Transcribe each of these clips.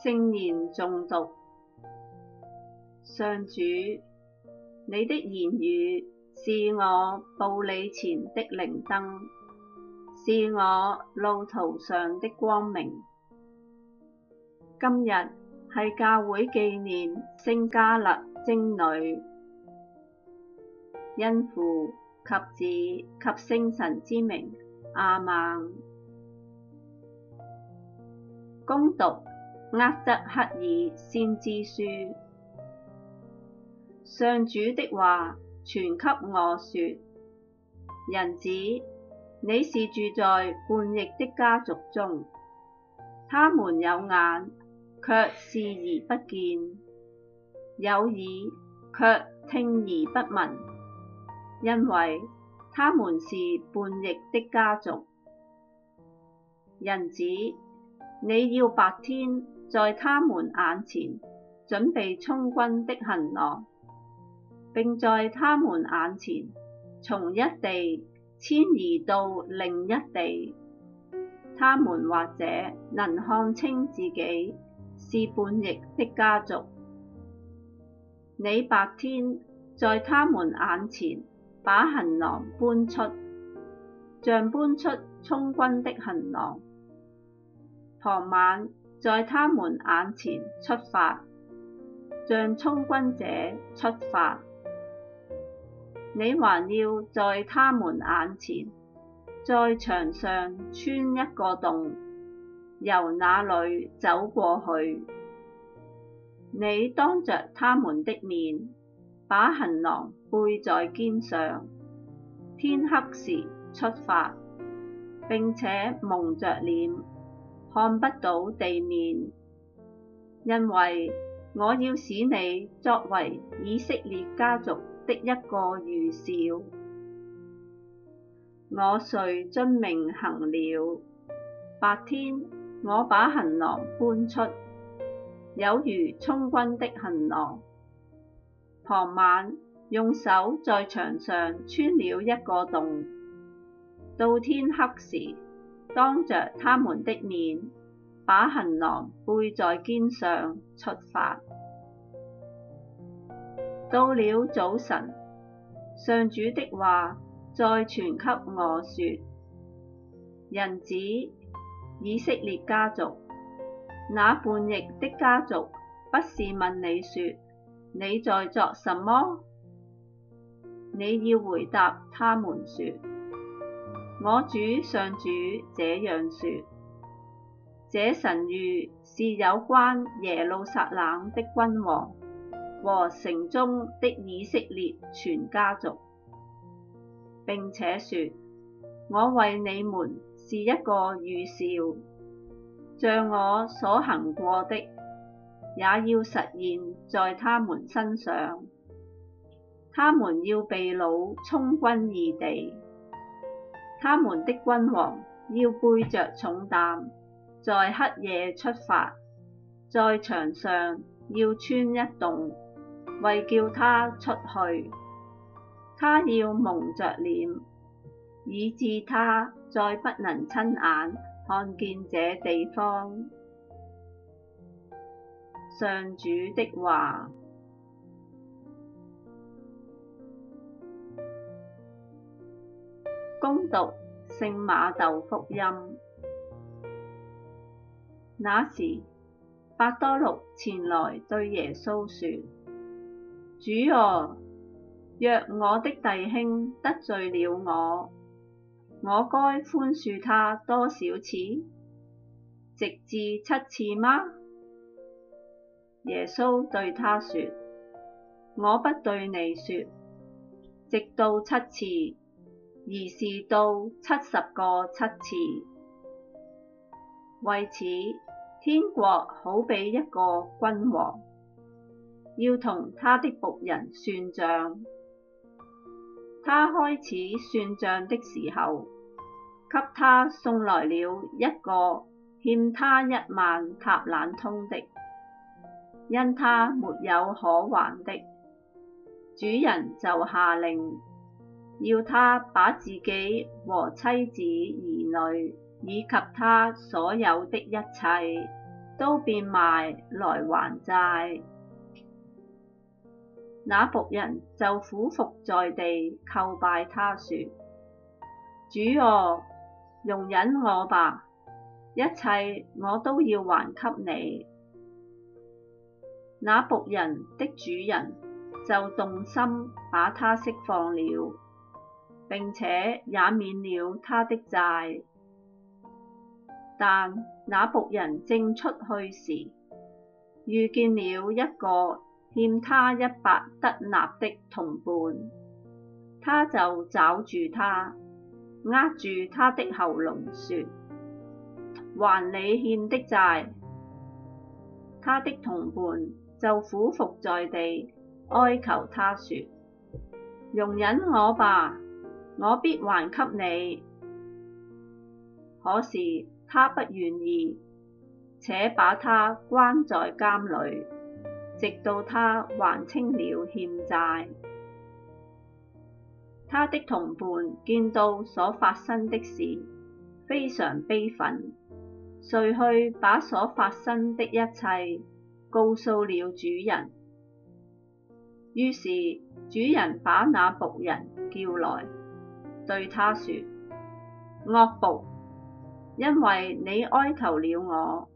聖言誦讀，上主，你的言語是我步履前的靈燈，是我路途上的光明。今日係教會紀念聖嘉勒、貞女、因父及子及聖神之名。阿孟，恭讀厄則克耳先知書，上主的話傳給我説：人子，你是住在叛逆的家族中，他們有眼。卻視而不見，有耳，卻聽而不聞，因為他們是叛逆的家族。人子，你要白天在他們眼前準備充軍的行囊，並在他們眼前從一地遷移到另一地，他們或者能看清自己。是叛逆的家族。你白天在他們眼前把行囊搬出，像搬出充軍的行囊；傍晚在他們眼前出發，像充軍者出發。你還要在他們眼前，在牆上穿一個洞。由那裏走過去，你當着他們的面，把行囊背在肩上，天黑時出發，並且蒙着臉，看不到地面，因為我要使你作為以色列家族的一個預兆。我遂遵命行了白天。我把行囊搬出，有如充軍的行囊。傍晚用手在牆上穿了一個洞，到天黑時，當着他們的面，把行囊背在肩上出發。到了早晨，上主的話再傳給我說：人子。以色列家族，那叛逆的家族，不是問你說，你在作什麼？你要回答他們說，我主上主這樣說，這神諭是有關耶路撒冷的君王和城中的以色列全家族，並且說，我為你們。是一個預兆，像我所行過的，也要實現在他們身上。他們要被擄充軍異地，他們的君王要背著重擔，在黑夜出發，在牆上要穿一洞，為叫他出去。他要蒙著臉，以致他，再不能親眼看見這地方。上主的話，恭讀聖瑪竇福音。那時，伯多祿前來對耶穌説：主哦、啊，若我的弟兄得罪了我，我該寬恕他多少次？直至七次嗎？耶穌對他說：我不對你說，直到七次，而是到七十個七次。為此，天國好比一個君王，要同他的僕人算賬。他開始算賬的時候，給他送來了一個欠他一萬塔冷通的，因他沒有可還的，主人就下令，要他把自己和妻子、兒女，以及他所有的一切，都變賣來還債。那僕人就俯伏在地叩拜，他說：主哦、啊！容忍我吧，一切我都要還給你。那僕人的主人就動心把他釋放了，並且也免了他的債。但那僕人正出去時，遇見了一個欠他一百德納的同伴，他就找住他。扼住他的喉嚨，說：還你欠的債。他的同伴就俯伏在地，哀求他說：容忍我吧，我必還給你。可是他不願意，且把他關在監裏，直到他還清了欠債。他的同伴見到所發生的事，非常悲憤，遂去把所發生的一切告訴了主人。於是主人把那僕人叫來，對他說：惡僕，因為你哀求了我，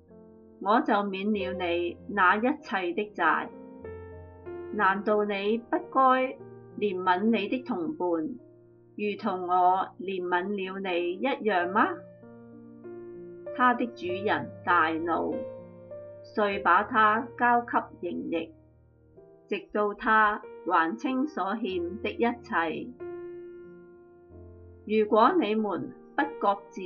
我就免了你那一切的債。難道你不該憐憫你的同伴，如同我憐憫了你一樣嗎？他的主人大怒，遂把他交給刑役，直到他還清所欠的一切。如果你們不各自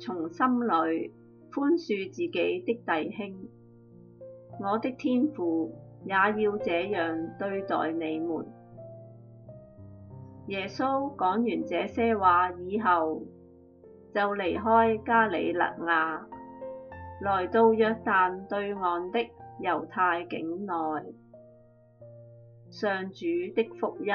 從心裏寬恕自己的弟兄，我的天父也要這樣對待你們。耶穌講完這些話以後，就離開加里肋亞，來到約旦對岸的猶太境內，上主的福音。